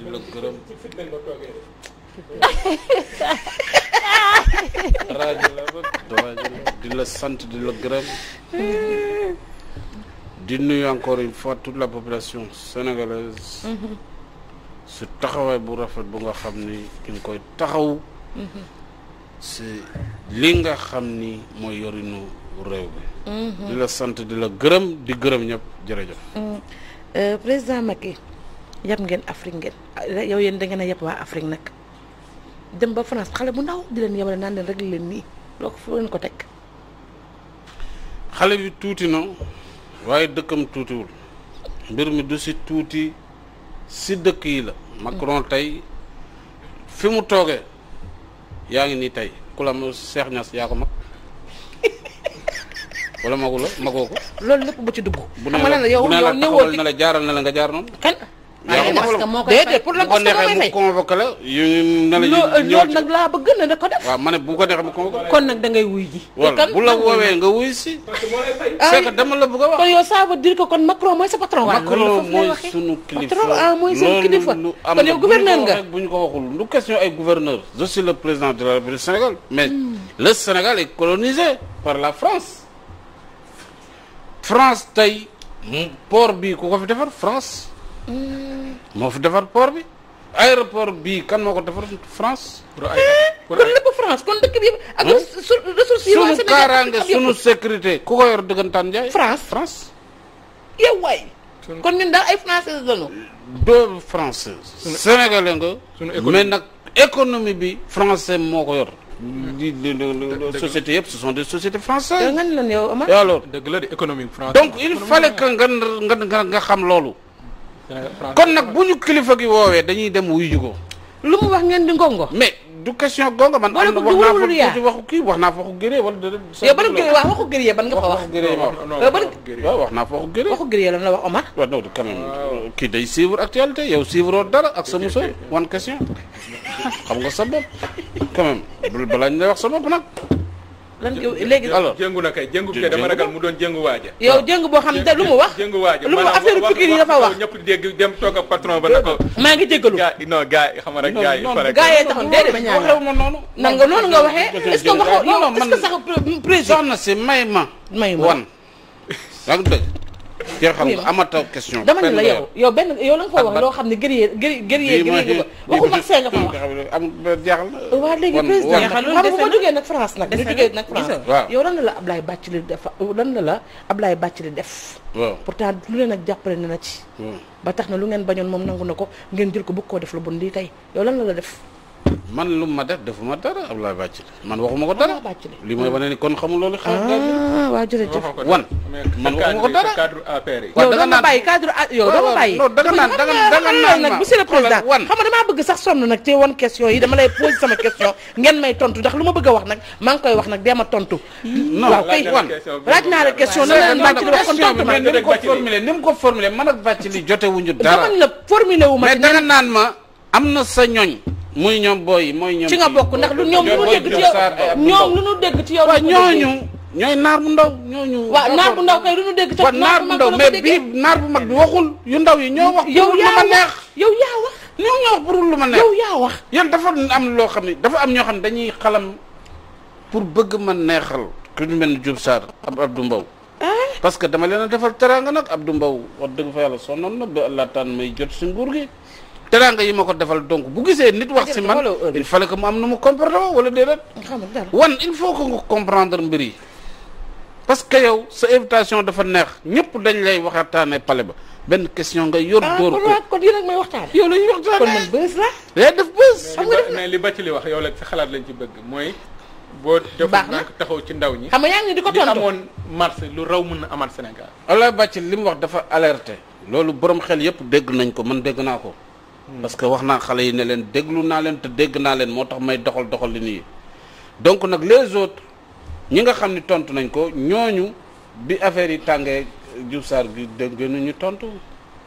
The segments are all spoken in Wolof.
di la sant di la gërëm di nuyu encore une fois toute la population sénégalaise su taxawaay bu rafet bu nga xam ni ki koy taxaw si li nga xam ni mooy yorinu réew bi di la sant di la gërëm di gërëm ñëpp jërëjëf euh, président Macky yab ngeen Afrique ngeen yow yéen da ngeen waa Afrique nag dem ba France xale bu ndaw di leen yabale naan leen rek leen nii loo ko teg. xale bi tuuti na waaye dëkkam tuutiwul mbir mi du tuuti si dëkk yi la. Macron tey fi mu toogee yaa ngi nii tey ku la ma Cheikh mag. wala magu la magoo ko. loolu lépp bu ci dugg. bu ne la bu ne la taxawal na jaaral na la nga jaar noonu. déedéet pour la ko neexee mu convoqué la yu na la loolu nag laa bëgg na na ko def waaw ma ne ko neexee mu convoqué kon nag da ngay wuy ji voilà bu la woowee nga wuy si c'est que dama la bëgg a wax kon yow ça veut dire kon Macron mooy sa patron waaw Macron mooy sunu kilifa patron ah mooy sunu kilifa kon yow gouverneur nga bu ko waxul lu question ay gouverneur je le président de la République du Sénégal mais hmm. le Sénégal est colonisé par la France France tey port bi ku ko fi defar France hmm. moo fi defar port bi aéroport bii kan moo ko defar France. pour ay pour ay eh, France kon dëkk bi hmm? sunu kaaraange sunu sécurité ku ko yor dëggantaan jaay. France France. yow waay. kon ñun daal ay français lañu. doo français. sénégalais nga. sunu économie mais nag économie bi. français moo ko yor. Hmm. di société yëpp ce sont des sociétés françaises. nga ne la yow Amar. alors dëgg donc il fallait que nga nga nga xam loolu. kon nag bu ñu kilifa gi woowee dañuy dem wuyu ji ko. lu mu wax ngeen di ngongo. mais du question gongo man. am na wax waxu kii wax naa fa waxu gëree wala. yow ban gëree waaw waxu gëree ban nga fa wax. Euh, waaw wax naa fa waxu gëree. waxu gëree lan la wax Omar. waaw non quand kii day suivre actualité yow suivre dara ak sa muso. one question xam nga sa bopp quand même balañ lay wax sa bopp nag. lan léegi. alors jëngu na kay jëngu kay dama doon jëngu waaja. yow ah. jëngu boo xam te lu mu wax. jëngu waaja lu mu affaire pikir dafa wax. maa gi jégalu gaa non gaa yi xam rek gaa yi. non non gaa yee ma noonu. nan nga noonu nga waxee. est-ce que waxoo yow est-ce sax président. soxna si may ma. may ma wan. yaa ngi dëgg. yow xam nga amataw question. dama ne la yow yow benn yow la nga wax loo xam ne guerrier guerrier guerrier waxuma see nga fa wax. am na. waaw léegi président xam nga bu ma jógee nag France nag. bu jógee nag France yow lan la la Ablaye Bathily def lan la la Ablaye Bathily def. waaw pourtant lu leen ak jàppale na na ci. ba tax na lu ngeen bañoon moom nangu na ko ngeen jël ko bëgg koo def la bon lii tey yow lan la la def. man lu ma def defu ma dara Abdoulaye Bathily man waxuma ko dara li mooy wane ni kon xamul loolu xam ah, waaw jërëjëf wan man waxuma ko dara yow da nga bàyyi cadre yow da nga bàyyi da nga da nga da nga naan nag monsieur le président xam nga damaa bëgg sax sonn nag te woon question yi dama lay pose sama question ngeen may tontu ndax lu ma bëgg wax nag maa ngi koy wax nag dee ma tontu waaw kay wan laaj naa la question na la leen Bathily wax kon tontu ma ni mu ko formulé ni mu ko formulé man ak Bathily jotewuñu dara dama wu ma mais naan ma am na sa ñooñ muy ñoom booy mooy ñoom. ci nga bokk ndax lu ñoom lu ñu dégg ci yow ñoom lu ñu dégg ci yow. waaw ñooy naar bu ndaw ñooñu. waaw naar bu ndaw kay lu ñu dégg. waaw naar bu ndaw mais bii naar bu mag bi waxul yu ndaw yi ñoo wax. yow yaa wax yow yaa wax. ñoo wax pour lu ma neex. yow yaa wax. yéen dafa am loo xam ne dafa am ñoo xam ne dañuy xalam pour bëgg ma neexal. ku ñu mel ni Diouf Sarr ab Abdou Mbow. parce que dama leen a defal teraanga nag Abdou mbaw wax dëgg fa yàlla sonnoon na ba Allah taan may jot si nguur gi teraanga yi ma ko defal donc bu gisee nit wax si man il fallait que mu am nu mu comportement wala déedéet wan il faut que nga comprendre mbir yi parce que yow sa invitation dafa neex ñëpp dañ lay waxtaanee pale ba benn question nga yor. Ah, dóor ko kon yéen ak may yow la ñuy waxtaane kon man bës la. day def bës. xam nga mais li ba li wax yow la sa xalaat lañu ci bëgg mooy. boo defoon nag taxaw ci ndaw ñi. xam nga yaa di ko tontu li amoon mars lu raw mën na amaat Sénégal. ala bàcc li mu wax dafa alerté. loolu borom xel yëpp dégg nañ ko man dégg naa ko. Hmm. parce que wax naa xale yi ne leen déglu naa leen te dégg naa leen moo tax may doxal doxal li nii donc nag les autres ñi nga xam ni tontu nañ ko ñooñu bi affaire yi tàngee Diouf Sarr gi dégg ñu tontu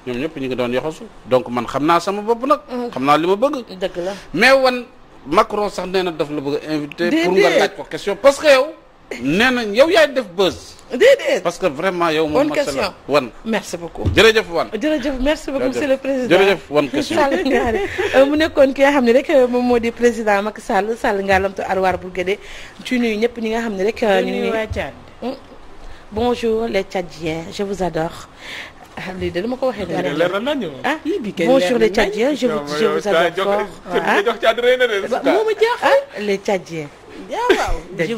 ñoom ñëpp ñu ngi doon yoxosu donc man xam naa sama bopp nag. Hmm. xam naa li ma bëgg. dëgg la mais wan Macron sax nee na daf la bëgg a invité. pour nga laaj ko question parce que yow. nee na yow yaay def buzz. parce que vraiment yow moom. bonne question wan. merci beaucoup jërëjëf wan. jërëjëf merci beaucoup monsieur le président jërëjëf wan question. Sall Ngale euh, mu nekkoon ki nga xam ne rek euh, moom moo di président Macky Sall Sall Ngalamtu Arwar Bourguédé ci nuyu ñëpp ñi nga xam ne rek. Euh, ñu nuyu waa Tchad. Hmm? bonjour les Tchadiens je vous adore. ah ko waxee. leer na ñu ah, ah. ah les Tchadiens ah, je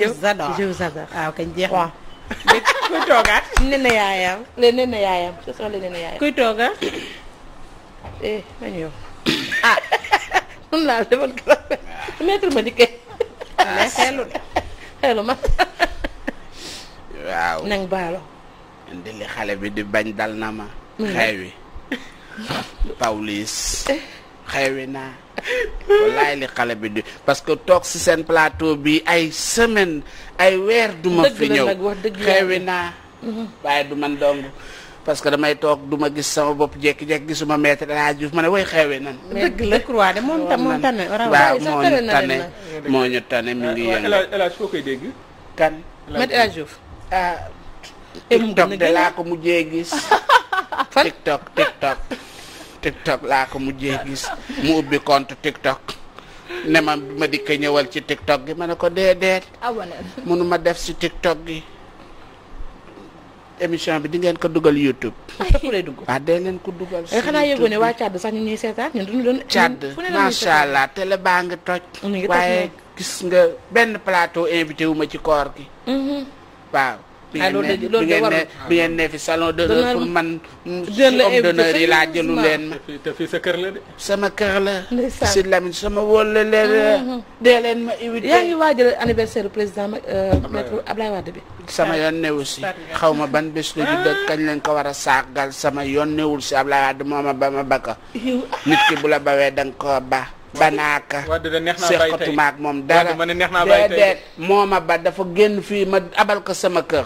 vous adore. ah a jeex. ah les Tchadiens. kuy toogaat. nen na yaayam le nen yaayam kuy toogaat. eh ma ñëw ah. mun naa defal gërëm maître ma dikkee. mais xeelu de ma. waaw nang baalo. ndi xale bi di bañ dal na ma. Mm. xeewi. Pawlish. Eh. xeewi naa. wallaay li xale bi di parce que toog si seen plateau bi ay semaine ay weer duma fi ñëw xewi naa mhm. waaye du man dong parce que damay toog du ma gis sama bopp jékki-jékki gisuma maître danaa juuf ma ne way xeewee nan dëgg la croix de moom moo ñu tane moo ñu tane mi ngi yëngu ah, de laa ko mujjee gis tiktok tiktok TikTok laa ko mu mujjee gis mu ubbi compte TikTok ne ma ma dikk ñëwal ci TikTok gi ma ne ko déedéet. mënu ma def si TikTok gi. émission bi di ngeen ko dugal YouTube. daf ah, lay dugg waaw ah, dee leen ku dugal. si eh, xanaa yëgoo ne waa Tchad sax ñu ñuy seetaan ñun allah télé baa ngi toj. waaye gis nga benn plateau invité wu ma ci koor gi. Mm-hmm. waaw. ah loolu de bi ngeen ne fi salon d'honneur pour man. homme d'honneur yi laa jëlu leen ma. sa kër la sama kër la. si Lamine sama wóol la leen. Mm-hmm. dee leen ma invité. yaa ngi waajal anniversaire président ma euh, maître bi. sama yoon newul si xaw ma ban bés la judd ak kañ lañ ko war a saagal sama yoon newul si Ablaye Wade moom ma ba ma bakka nit ki bu la bawee danga ko ba banaaka seqatuma ak moom dara déedéet mooma ba dafa génn fii ma abal ko sama kër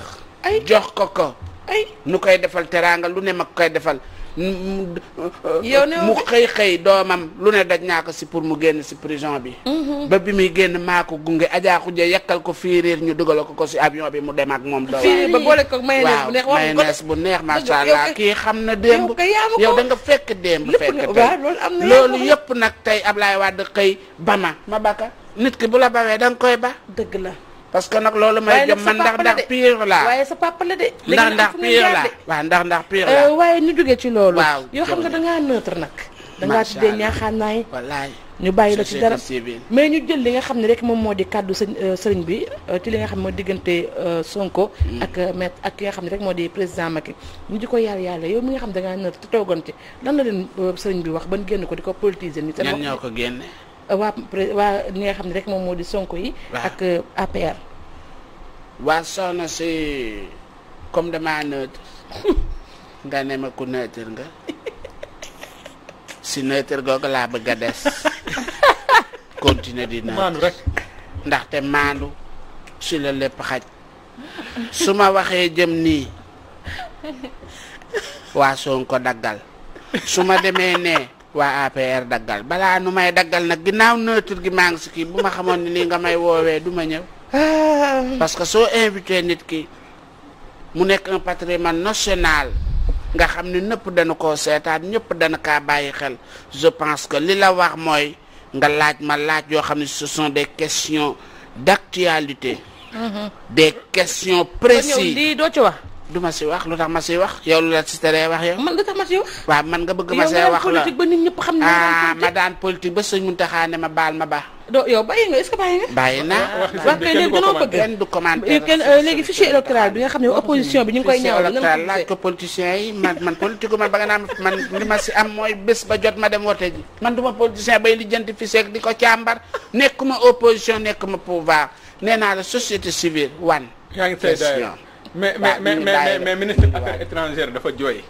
jox ko ko ay nu koy defal teraanga lu ne ma koy defal yow mu xëy xëy doomam lu ne daj naa ko si pour mu génn si prison bi. Mhm. ba bi muy génn maako gunge Adja Khoudia yàkkal ko fiiriir ñu dugal ko ko si avion bi mu dem ak moom. doomam fiiriir ba boole ko mayonnaise bu neex waaw mayonnaise bu neex macha allah kii xam na démb. yow danga nga fekk démb. fekk tey loolu yëpp nag tey Ablaye Wade xëy ba ma ma baka nit ki bu la bawee danga nga koy ba. dëgg la. parce que nag loolu may dem man ndax ndax pire la waaye sa papa la de ndax ndax pire la waaw euh, waaye nu jógee ci loolu yoo xam nga dangaa neutre nag dangaa tuddee ñaaxaan naay wallaay ñu bàyyi la ci dara mais ñu jël li nga xam ne rek moom moo di kàddu sëñ euh, sëriñ bi euh, ci li nga xam ne moo diggante Sonko mm. ak maître ak ki nga xam ne rek moo di président Macky ñu di ko yàlla yàlla yow mi nga xam dangaa neutre te toogoon ci lan la leen sëriñ bi wax ban génn ko di ko politiser ni ñoo ko génne Euh, waa waa ñi nga xam rek moom moo di Sonko yi. ak euh, APR. waa soxna si comme damaa neutre nga ne ku neutre nga si neutre googu laa bëgg a des continuer di neutre ndax rek ndaxte maandu si la lépp xaj su ma waxee jëm nii waa Sonko daggal su ma demee nee. waa APR daggal balaa nu may daggal nag ginnaaw neutre gi maa ngi si kii bu ma xamoon ni lii nga may woowee du ma ñëw ah. parce que soo invité nit ki mu nekk un patrimoine national nga xam ne nëpp dana ko seetaat ñëpp dana kaa bàyyi xel je pense que li la wax mooy nga laaj ma laaj yoo xam ne ce sont des questions d'actualité. Mm-hmm. des questions précises. lii doo ci wax. du ma si wax lu tax ma si wax yow lu la si teree wax yow. man lu tax ma si wax. waaw man nga bëgg ma see wax la yow ba nit ñëpp xam ah ma daan politique ba sëñ Mountakha ne ma baal ma ba. doo yow bàyyi nga est-ce que bàyyi nga. bàyyi naa wax bëgg kenn du commenter kenn euh, léegi fichier électoral bi nga xam ne opposition bi ñu ngi koy ñaaw laaj ko politiciens yi man man politique man ba nga naan man li ma si am mooy bés ba jot ma dem wote ji man du ma politicien bay lijjanti fichier di ko nekk ma nekkuma nekk ma pouvoir nee naa la société civile wan yaa ngi tey mais mais mais mais ministre affaires étrangères dafa jooy.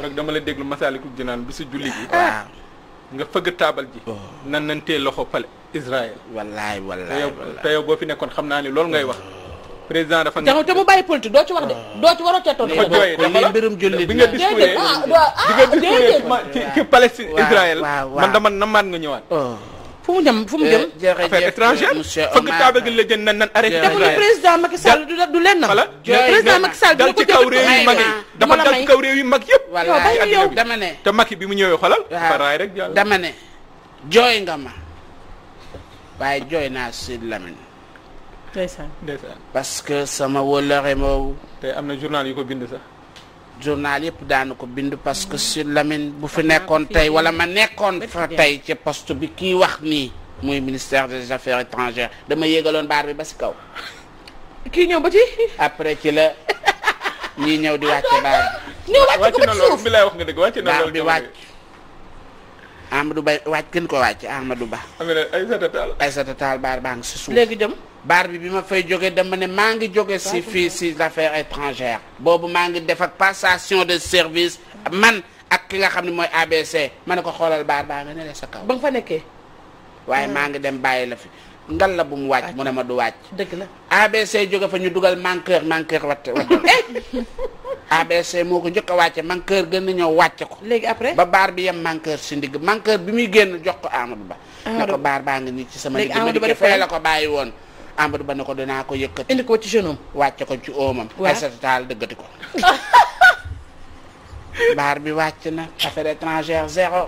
rek dama la déglu Masaalikul Jinaan bi si julli bi. nga fëgg taabal ji. Oh. nan nañ tee loxo pale Israël. wallaay wallaay te yow boo fi nekkoon xam naa ni loolu ngay wax. Oh. président dafa nekk te mu bàyyi politique doo ci wax de. Oh. doo ci waroo cee tontu. dafa jooyee dafa la mbirum jullit bi nga discuter. ah ah déedéet ci Palestine Israël. man dama namaat nga ñëwaat. fu mu jëm fu mu eh, jëm. affaire étrangère fëgg taaba gi la jën nan nan arrêté. jërëjëf defuñu président Macky du lenn. voilà président Macky Sall dal ci kaw réew yu mag yi dafa dal ci kaw réew yu mag yëpp. wallaahi yow dama ne. te Macky bi mu ñëwee xolal. faraay rek jàll dama ne. jooy nga ma waaye jooy naa si Lamine. ndeysaan parce que sama wóllare moomu. tey na journal yu ko bind sax. journal yépp daanu ko bind parce que mm. sur Lamine bu fi nekkoon tey wala ma nekkoon fa tey ci poste bi kii wax nii muy ministère des affaires étrangères dama yéegaloon baar bi ba si kaw kii ñëw ba ci après ci la ñuy ñëw di wàcc baar bi wàcc na loolu bi lay wax nga dëgg wàcc na loolu bi wàcc Amadou Ba wàcc gën ko wàcc Amadou Ba Aïssata Tall Aïssata baar baa ngi si suuf dem baar bi bi ma fay jóge dama ne maa ngi jóge si fii si affaires étrangères boobu maa ngi def ak passation de service man ak ki nga xam ne mooy ABC ma ne ko xoolal baar baa nga ne la sa kaw ba nga fa nekkee waaye maa ngi dem bàyyi la fi ngal la bu mu wàcc mu ne ma du wàcc dëgg la ABC jóge fa ñu dugal manqueur manqueur watte eh! ABC moo ko njëkk a wàcce manqueur gën na ñëw wàcce ko. léegi après ba baar bi yem manqueur si ndigg manqueur bi muy génn jox ko Amadou Ba. Amadou ne ko baar baa ngi nii ci sama. léegi Amadou Ba def ko la ko bàyyi woon. Amadou Ba ne ko danaa ko yëkkati. indi ko ci jeune wàcce ko ci oomam. waaw Aïssata Tall dëggati ko. baar bi wàcc na affaire étrangère zéro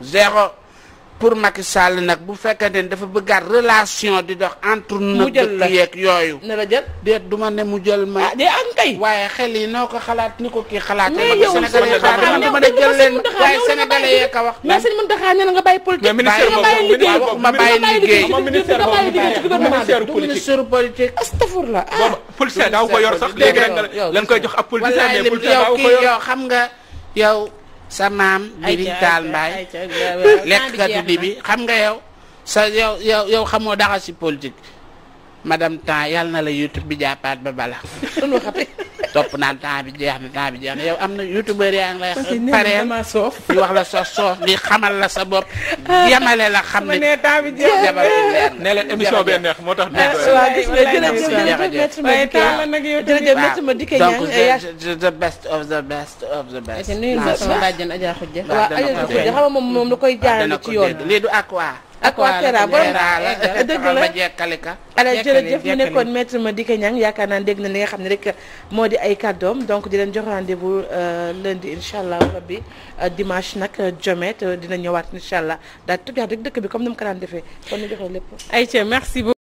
zéro. pour Macky Sall nag bu fekkente ne dafa bëggaat relation di dox entre. mu jël la yeeg yooyu. ne du ma ne mu jël ma. ah ak kay. waaye xel yi noo ko xalaat ni ko kii xalaat. mais yow Sénégalais yi xalaat man dama ne jël leen waaye sénégalais yee ko wax. mais sëñ Mountakha nee na nga bàyyi politique. mais ministère boobu ma bàyyi liggéey ma bàyyi liggéey ci gouvernement bi ministère ah. daaw ko yor sax léegi rek lan koy jox ab politicien mais politicien daaw yow xam nga yow sa maam Biriñ Taal Mbaay lekkatu di bi xam nga yow sa yow yow yow xamoo dara ci politique madame temps yàlla na la YouTube bi jàppaat ba bala topp naan temps bi jeex na temps bi jeex na yow am na youtubeur yaa ngi sa bopp. yemale la xam ne neex moo tax. Ah, waaw gis nga ma dikkee donc eh, the best of ak waa Fera a eh, dëgg la ala jërëjëf mu nekkoon maître Madické Niang yaakaar naa dégg na li nga xam ne rek moo di ay kàddoom donc di leen jox rendez-vous euh, lundi incha allah bi euh, dimanche nag jomet dina ñëwaat incha allah daal di tuddaat dëkk bi comme ni mu ko daan defee kon ñu joxe lépp. ayca merci beaucoup.